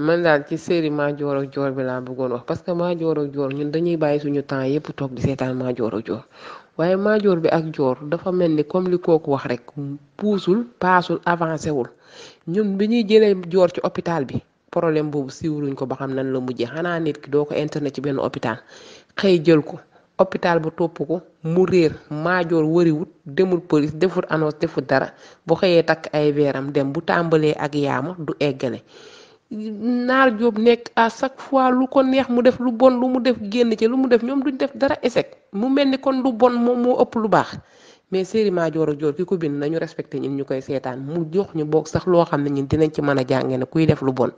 man daal ci série Madior ak Dior bi laa bëggoon wax parce que Madior ak Dior ñun dañuy bàyyi suñu temps yépp toog di seetaan Madior ak Dior waaye Madior bi ak Dior dafa mel ni comme li kooku wax rek puusul paasul avancé wul ñun bi ñuy jëlee joor ci hôpital bi problème boobu siiwuruñ ko ba xam nan la mujjee xanaa nit ki doo ko internet ci benn hôpital xëy jël ko hôpital ba topp ko mu réer Madior wariwut demul police deful annonce deful dara bu xëyee takk ay veeram dem bu tàmbalee ak yaama du eggale naar joob nekk à chaque fois lu ko neex mu def lu bon lu mu def génn ci lu mu def ñoom duñ def dara échec mu mel ni kon lu bon moom moo ëpp lu baax mais série Madior joor Dior ko bind nañu respecté ñun ñu koy seetaan mu jox ñu boog sax loo xam ne ñun dinañ ci mën a jàngee ne kuy def lu bon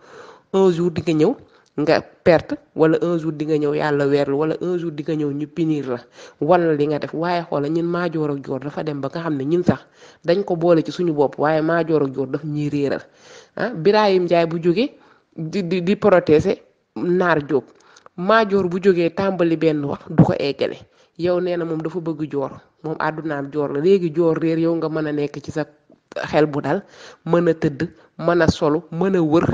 un jour di nga ñëw nga perte wala un jour di nga ñëw yàlla weerlu wala un jour di nga ñëw ñu punir la wala li nga def waaye xoola ñun Madior ak Dior dafa dem ba nga xam ne ñun sax dañ ko boole ci suñu bopp waaye joor ak Dior dafa ñuy réeral ah Birahim Ndiaye bu jógee di di di protéger naar jóob maajoor bu jógee tàmbali benn wax du ko eggale yow nee na moom dafa bëgg joor moom àddunaam joor la léegi joor réer yow nga mën a nekk ci sa xel bu dal mën a tëdd mën a solu mën a wër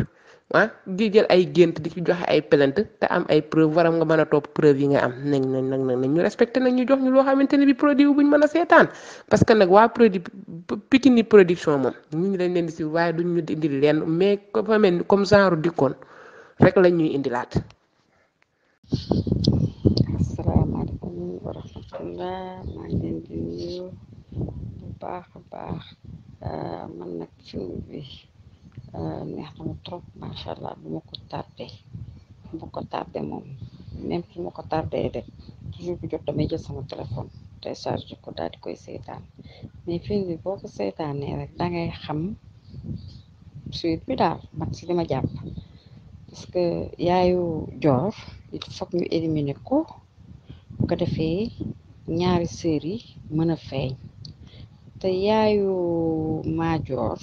ah di ay gént di ci joxe ay plainte te am ay preuve waram nga mën a topp preuve yi nga am nañ nañ nag nañ ñu respecté nañ ñu jox ñu loo xamante ne bi produit buñ mën a seetaan parce que nag waa produit Pikini production moom ñu ngi lañ leen di si waaye duñ ñu indi leen mais dafa mel ni comme genre dikkoon rek lañ ñuy indilaat. asalaamaaleykum Ah, neex trop macha allah bu ma ko tardé bu ko tardé moom même su ma ko tardé rek toujours bu jot damay jël sama téléphone télécharge ko daal di koy seytaan mais film bi boo ko seytaanee rek da ngay xam suite daal man si li ma jàpp parce que yayu joor il faut ñu ko bu ko defee ñaari série mën a feeñ te yayu maajoor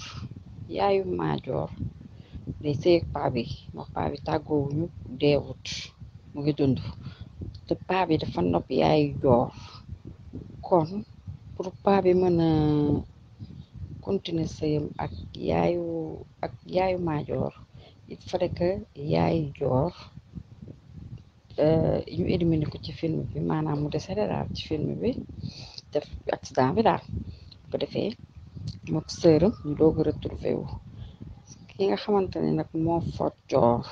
yaayu maajoor day seeg paa bi ndax paa bi tàggoowuñu deewut mu ngi dund te paa bi dafa nopp yaayu joor kon pour paa bi mën a continuer sëyam ak yaayu ak yaayu maajoor il fallait que yaayu joor euh, ñu éliminé ko ci film bi maanaam mu dese daal ci film bi def accident bi daal bu defee mook sëram ñu dooga retrouvé wu ki nga xamante ne nag moo fot joor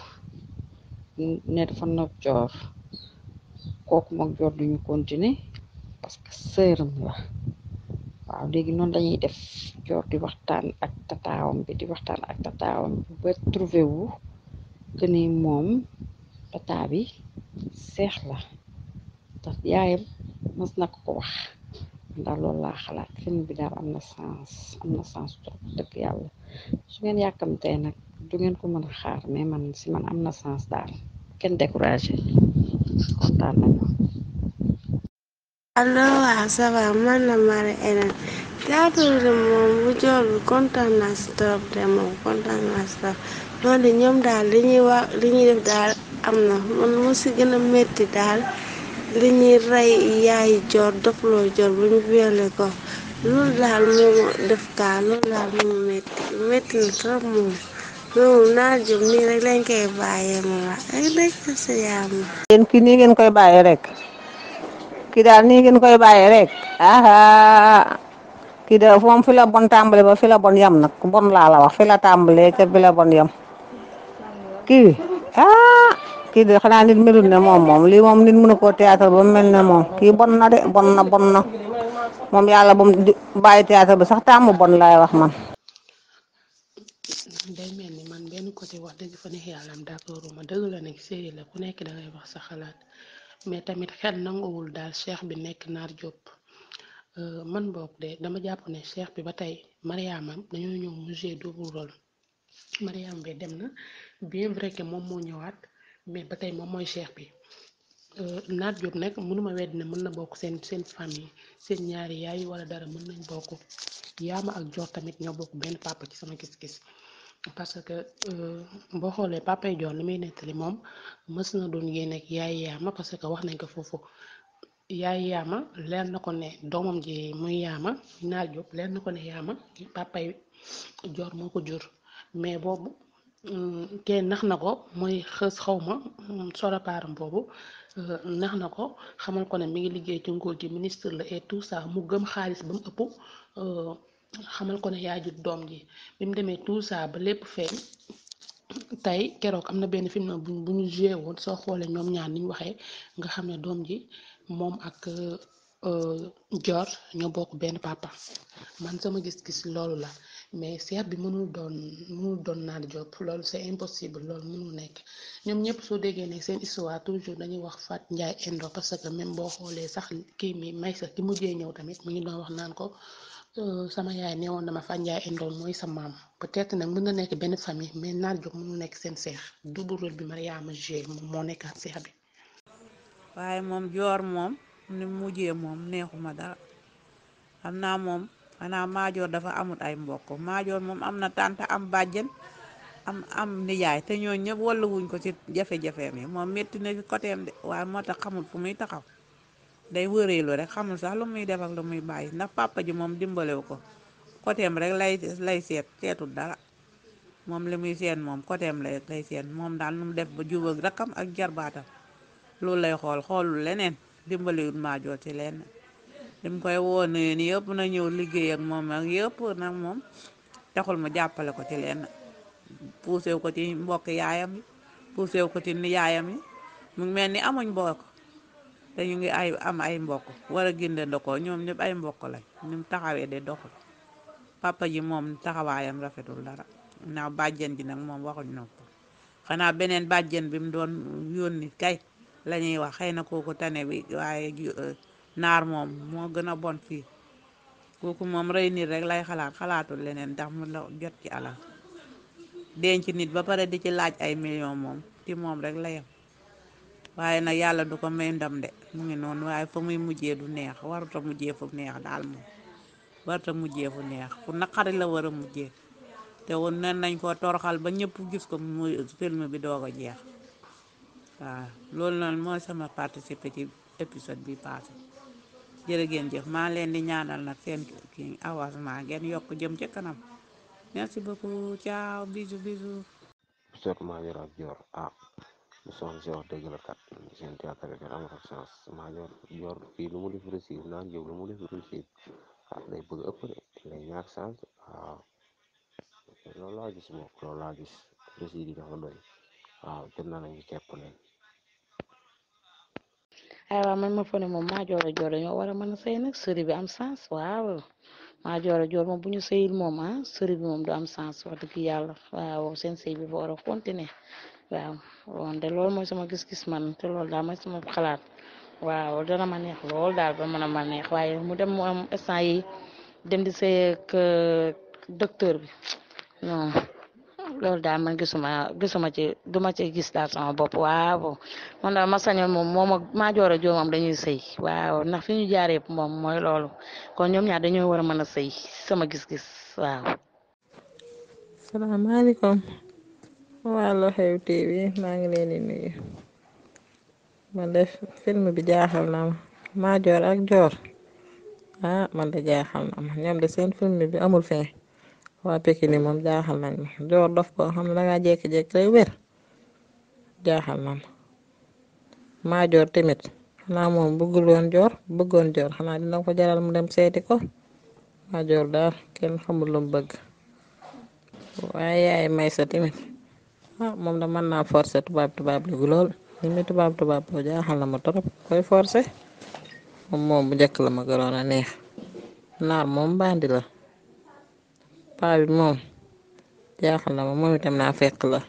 ne dafa nopp joor kooku mook joor duñu continuer parce que sëram la waaw léegi noonu lañuy def joor di waxtaan ak tataawam bi di waxtaan ak wu que moom tataa bi seex la tax yaayam mas na ko wax ndax loolu xalaat film bi daal am na sens am na sens trop dëkk yàlla su ngeen yàkkamtee nag du ngeen ko mën a xaar mais man si man am na sens daal kenn découragé kontaan nañu allo waaw ça va man la Marie Hélène théâtre de daal li wax li def daal am na man mu si daal li ñuy yaay joor doxloo joor ba ñu viole ko loolu daal moom def kaa loolu daal moom metti metti na trop moom naa jub nii rek lañ koy bàyyee ma wax ay rek sa yaam yéen kii ni ngeen koy bàyyee rek kii daal ni ngeen koy bàyyee rek aha kii da moom fi la bon tàmbale ba fi la bon yam nag bon laa la wax fi la tàmbalee ca fi kii de xanaa nit melut ne moom moom lii moom nit mënu koo théâtre ba mu mel ne moom kii bon na de bon na bon na moom yàlla ba mu bàyyi théâtre bi sax taamu bon laay wax man. day mel ni man benn côté wax dëgg fa neex yàlla ma dëgg la nag série ku nekk dangay wax sa xalaat mais tamit xel nanguwul daal cheikh bi nekk naar Diop euh, man boog de dama jàpp ne cheikh bi ba tey Mariama dañoo ñëw mu jouer double rôle Mariama bi dem na bien vrai que moom moo ñëwaat. mais ba tey moom mooy cheikh bi euh, Naat Diop nag mënuma wedd na mën na bokk seen seen famille seen ñaari yaay wala dara mën nañ bokk yaama ak joor tamit ñoo bokk benn papa ci sama gis-gis parce que euh, boo xoolee papa joor li muy nettali moom mës na doon yéen ak yaay yaama parce que wax nañ ko foofu yaay yaama leer na ko ne doomam ji muy yaama Naat Diop leer na ko ne yaama papa yi joor moo ko jur mais boobu. Mmh, kee nax na ko mooy xës xaw ma mmh, solo paaram boobu euh, nax na ko xamal ko ne mi ngi liggéey ci nguur gi ministre la et tout ça mu gëm xaalis ba mu ëpp euh, xamal ko ne yaa jur doom ji bi mu demee tout ça ba lépp feeñ tey keroog am na benn film bu bu ñu joué woon soo xoolee ñoom ñaar ni ñu waxee nga xam ne doom ji moom ak joor euh, ñoo bokk benn papa man sama gis-gis loolu la. mais seet bi mënul doon mënul doon naat job loolu c'est impossible loolu mënul nekk ñoom ñëpp soo déggee ne seen histoire toujours dañuy wax Fat Ndiaye Endo parce que même boo xoolee sax kii mi may sax ki mujjee ñëw tamit mi ngi doon wax naan ko euh, sama yaay neewoon dama Fat Ndiaye Endo mooy sa maam peut-être nag mën na nekk benn famille mais naat job mënul nekk seen seex double rôle bi Mariama joué moom moo nekkaat seex bi. waaye moom joor moom ni mujjee moom neexuma dara xam naa moom. maanaam maajoor dafa amul ay mbokk maajoor moom am na tante am bàjjen am am nijaay te ñoo ñëpp walluwuñ ko ci jafe jafe yi moom métti na ci de waaye moo tax xamul fu muy taxaw day wëreelu rek xamul sax lu muy def ak lu muy bàyyi ndax papa ji moom dimbalewu ko côté am rek lay lay seet seetul dara moom li muy seen moom côté am lay lay seen moom daal nu mu def ba jubag rakkam ak jarbaatam loolu lay xool xoolul leneen dimbaliwul maajoor ci lenn. lim koy woon ni yëpp na ñëw liggéey moom ak yëpp nag moom taxul mu jàppale ko ci lenn puusew ko ci mbokk yaayam yi puusew ko ci yaayam yi mu ngi mel ni amuñ mbokk te ñu ngi ay am ay mbokk war a ginde ndokoo ñoom ñëpp ay mbokk lañ ni taxawee de doxul papa ji moom taxawaayam rafetul dara ndax bàjjen ji nag moom waxuñ na ko beneen bàjjen bi mu doon yónni kay la ñuy wax xëy na koko tane bi waaye naar moom moo gën a bon fii kooku moom rey nit rek lay xalaat xalaatul leneen ndax mu la jot ci alal denc nit ba pare di ci laaj ay million moom ci moom rek la yam waaye nag yàlla du ko may ndam de mu ngi noonu waaye fa muy mujjee du neex waruta mujjee fu neex daal mujjee fu neex fu naqari la war a mujjee te woon nen nañ ko toroxal ba ñëpp gis ko film bi doog a jeex waaw loolu noonu mooy sama participer ci épisode bi passé jërë ngeen jëf maa leen di ñaanal nag seen kii avancement ngeen yokk jëm ca kanam merci beaucoup ciao bisous bisous. sot Madior ak Dior ah mu soxna si wax dëgg la kat seen théâtre bi am na chance Madior Dior lu mu def réussir naan Diop lu mu def réussir ah day bëgg ëpp de day ñaar chance waaw loolu laa gis moom loolu laa gis réussir yi doy waaw ah, jot naa nañu kepp leen aywa man ma fone moom maa jooro jooro ñoo a mën a sëy nag sëri bi am sens waaw maa jooro joor moom bu ñu sëyil moom ah sëri bi moom du am sens wax dëgg yàlla waaw seen sey bi fa war a continuer waaw woon loolu mooy sama gis-gis man te loolu daal mooy sama xalaat waaw dana ma neex lool daal ba mën a ma neex waaye mu dem mu am instant yi dem di sëy ak euh, bi loolu daal man gisuma gisuma ci duma ci gis daal sama bopp waaw man ma sañoon moom moom ak maa joor a joomam dañuy sëy waaw ndax fi ñu jaaree moom mooy loolu kon ñoom ñaar dañoo war a mën a sëy sama gis-gis waaw. salaamaaleykum waa Lu Xew TV maa ngi leen di nuyu film bi jaaxal na ma ak joor ah man de jaaxal na ma de seen film bi amul fee. waa Pikine moom jaaxal nañ ma dof koo xam ne dangaa jékki-jékki lay wér jaaxal na ma joor tamit xanaa moom bëgguloon joor bëggoon joor xanaa dina ko jaral mu dem seeti ko maa joor daal kenn xamul lu mu bëgg waaye yaay may sa tamit ah moom da mën naa forcer tubaab tubaab ligu lool li muy tubaab tubaab boo jaaxal na ma trop koy forcer moom moom bu njëkk la ma gënoon a neex naar moom bandi la. paa bi moom jaaxal na ma moom itam naa fekk la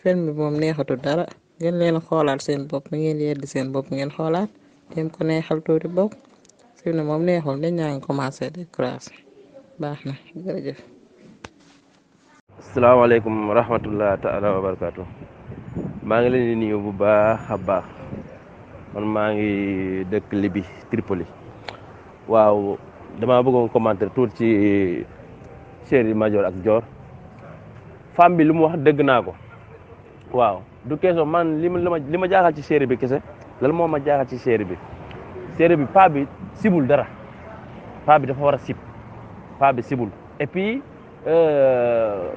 film bi moom neexatu dara ngeen leen xoolaat seen bopp ngeen yedd seen bopp ngeen xoolaat dem ko neexal tuuti bopp film ne moom neexul dañ ñaa ngi commencé di croiser baax na jërëjëf. asalaamaaleykum wa rahmatullah taala wa maa ngi leen di nuyu bu baax a baax man maa ngi dëkk Libye Tripoli waaw damaa bëggoon commenter tuuti ci. séeréer majoor ak joor femme bi lu mu wax dëgg naa ko waaw du keesoo man li ma li ma jaaxal ci séeréer bi kese lan moom ma jaaxal ci séeréer bi séeréer bi paa bi sibul dara paa bi dafa war a sib paa bi sibul et puis euh,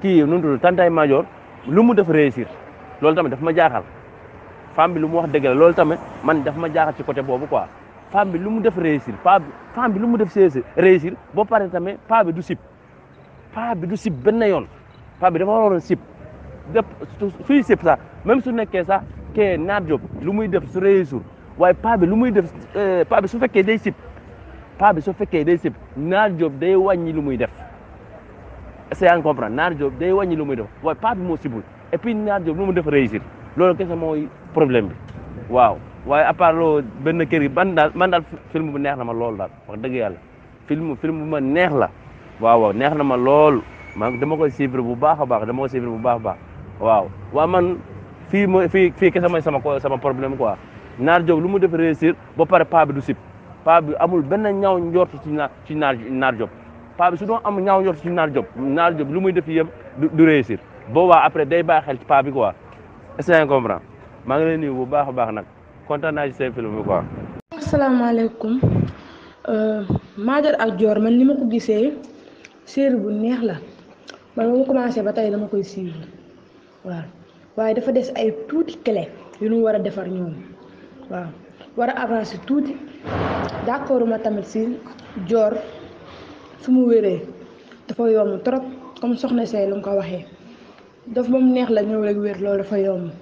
kii nu mu tudd majoor lu mu def réussir loolu tamit daf ma jaaxal femme bi lu mu wax dëgg la loolu tamit man daf ma jaaxal ci boobu lu mu def réussir paa boo paree tamit paa du sib paa bi du sib benn yoon paa bi dafa waroon sib def suy sib sa même su nekkee sax kee naar job lu muy def su réussir waaye paa bi lu muy def euh, paa bi su fekkee day sib paa su fekkee day sib naar job day wàññi lu muy def c'est à comprendre naar job day wàññi lu muy def waaye paa moo sibul et puis naar job lu mu def réussir loolu kese mooy problème bi waaw waaye a part loolu benn kër gi ban daal man daal film bu neex na ma loolu daal wax dëgg yàlla film film bu ma neex la waaw waaw neex na ma lool maa dama koy suivre bu baax a baax dama koy suivre bu baax baax waaw waaw man fii mooy fii fii kese mooy sama sama problème quoi naar jóg lu mu def réussir ba pare paa du sib paa bi amul benn ñaaw njort ci naar ci naar naar jóg paa bi su doon am ñaaw njort si naar jóg naar jóg lu muy def yëpp du réussir boobaa après day bàyyi xel ci paa bi quoi est-ce que maa ngi leen nuyu bu baax a baax nag kontaan naa ci seen film bi quoi. asalaamaaleykum euh, Madior ak série bu neex la man mu commencé ba tey dama koy suivre waaw waaye dafa des ay tuuti kele yu ñu war a defar ñoom waaw war a avancer tuuti d'accord ma tamit si joor su mu wéree dafa yomb trop comme soxna say lu nga ko waxee daf mu neex la ñëw rek wér loolu dafa yomb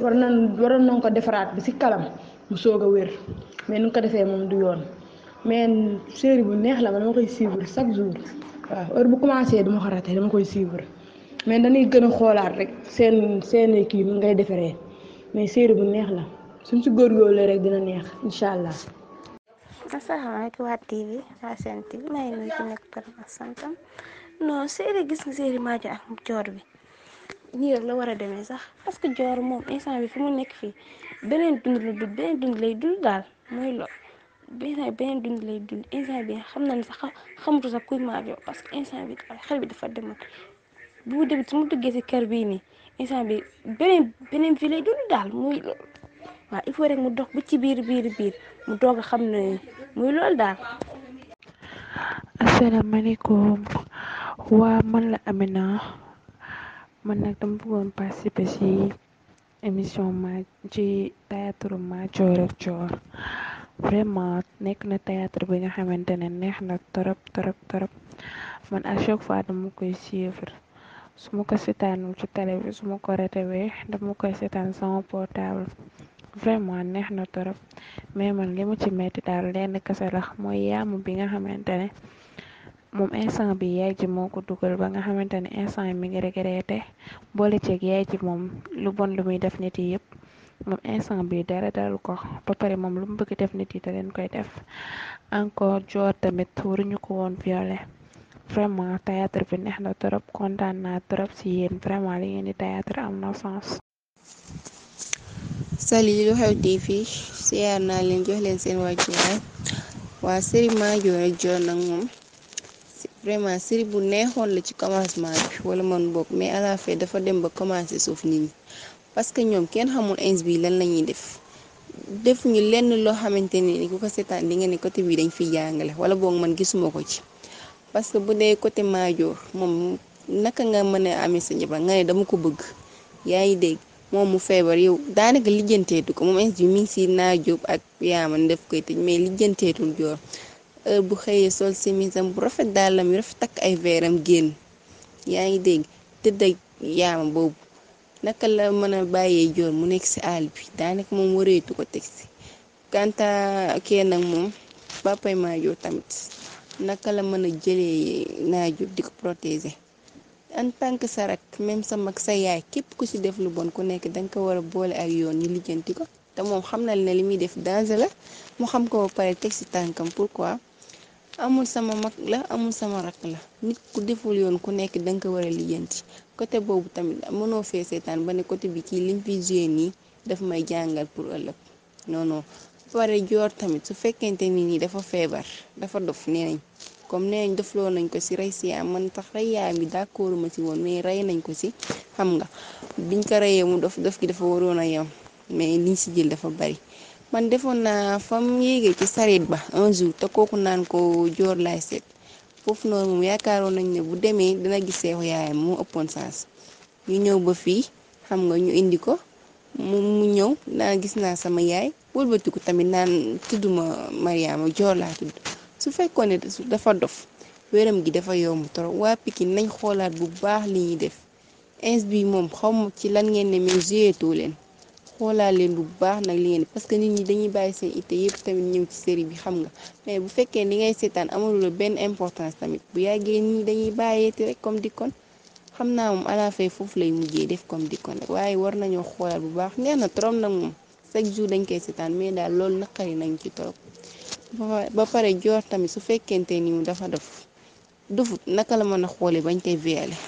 war nan waroon nañ ko defaraat bi si kalam mu soog a wér mais nu ko defee moom du yoon mais série bu neex la man ma koy suivre chaque jour waaw heure bu commencé duma ko raté dama koy suivre mais dañuy gën a xoolaat rek seen seen kii nu ngay defaree mais série bu neex la suñ si góorgóorlu rek dina neex incha allah. asalaamaaleykum waa TV waa Sen TV maa ak santam non gis nga série Madiou ak bi nii rek la war a demee sax parce que Dior moom instant bi fi mu nekk fii beneen dund la dund lay dund daal mooy lool. beneen beneen dund lay dund instant bi xam na ne sax xamutu sax kuy maag parce que instant bi xel bi dafa demoon bu mu su mu duggee ci kër bii nii instant bi beneen beneen dund daal muy waaw il faut rek mu dox ba ci biir biir biir mu doog a xam ne muy loolu daal. asalaamaaleykum waa man la Amina man nag dama bëggoon participer ci émission ma ci théâtre ma Coor Coor. vraiment nekk na théâtre bi nga xamante ne neex na torop torop trop man a chaque fois dama koy suivre su ma ko seetaanul ci télé bi su ma ko retewee dama koy seetaan sama portable vraiment neex na torop mais man li ci metti daal lenn kese la mooy yaamu bi nga xamante ne moom instant bi yaay ji moo ko dugal ba nga xamante ne instant yi mi ngi regretté boole ceeg yaay ji moom lu bon lu muy def nit yi yëpp moom instant bi dara dalu ko ba pare moom lum mu bëgg def nit yi da leen koy def encore joor tamit waruñu ko woon violé vraiment théâtre bi neex na trop kontaan naa trop ci yéen vraiment li ngeen di théâtre am na sens sali lu xew TV siyaar naa leen jox leen seen wàccuwaay waa série Madior ak nag moom vraiment série bu neexoon la ci commencement bi wala man bokk mais à la dafa dem ba commencé suuf nit ñi parce que ñoom kenn xamul ins bi lan la ñuy def defuñu lenn loo xamante ni ku ko seetaan di nga ne côté bi dañ fi jàngale wala boog man gisuma ko ci parce que bu dee côté maajoor moom naka nga mën a amee sa njaboot nga ne dama ko bëgg yaa ngi dégg moom mu feebar yow daanaka lijjanteetu ko moom ins bi mi ngi si naajóob ak yaaman def koy tëj mais lijjanteetul joor heure bu xëyee sol semisam bu rafet dàllam yu rafet takk ay veeram génn yaa ngi dégg tëdd ak yaama boobu naka la mën a bàyyee joor mu nekk si àll bi daanaka moom wareetu ko teg si kanta kee nag moom papay Madior tamit naka la mën a jëlee naajo di ko protéger en tant que sa rak même sa mag sa yaay képp ku si def lu bon ku nekk danga ko war a boole ak yoon ñu lijjanti ko te moom xam na ne li muy def danger la mu xam ko ba pare teg si tànkam pour pourquoi amul sama mag la amul sama rak la nit ku deful yoon ku nekk danga ko war a lijjanti côté boobu tamit mënoo fee seetaan ba ne côté bi kii liñ fi joué nii daf may jàngal pour ëllëg non non pare joor tamit su fekkente ni nii dafa feebar dafa dof nee nañ comme nee nañ nañ ko si rey si am man tax rey yaayam bi d'accord ma si woon mais rey nañ ko si xam nga biñ ko reyee mu dof dof ki dafa waroon a yem mais liñ si jël dafa bari man defoon naa fam yéegee ci sareet ba un jour te kooku naan ko joor laay seet foofu noonu moom yaakaaroon nañ ne bu demee dina gisee yaayam moo ëppoon saas ñu ñëw ba fii xam nga ñu indi ko mu mu ñëw naa gis naa sama yaay wëlbatiku tamit naan ma Mariama Joor laa tudd su fekkoon ne dafa dof wéram gi dafa yomb trop waa Pikine nañ xoolaat bu baax li ñuy def ins bi moom xaw ma ci lan ngeen ne mais joué leen. xoolaat leen bu baax nag li ngeen parce que nit ñi dañuy bàyyi seen ité yëpp tamit ñëw ci série bi xam nga mais bu fekkee li ngay seetaan amalu benn importance tamit bu yàggee nit ñi dañuy bàyyeeti rek comme dikkoon xam naa moom à foofu lay mujjee def comme dikkoon rek waaye war nañoo xoolal bu baax neex na trop nag moom chaque jour dañ koy seetaan mais daal loolu naqari ñu ci trop ba pare joor tamit su fekkente ni mu dafa dof dufut naka la mën a xoole bañ koy veyalee.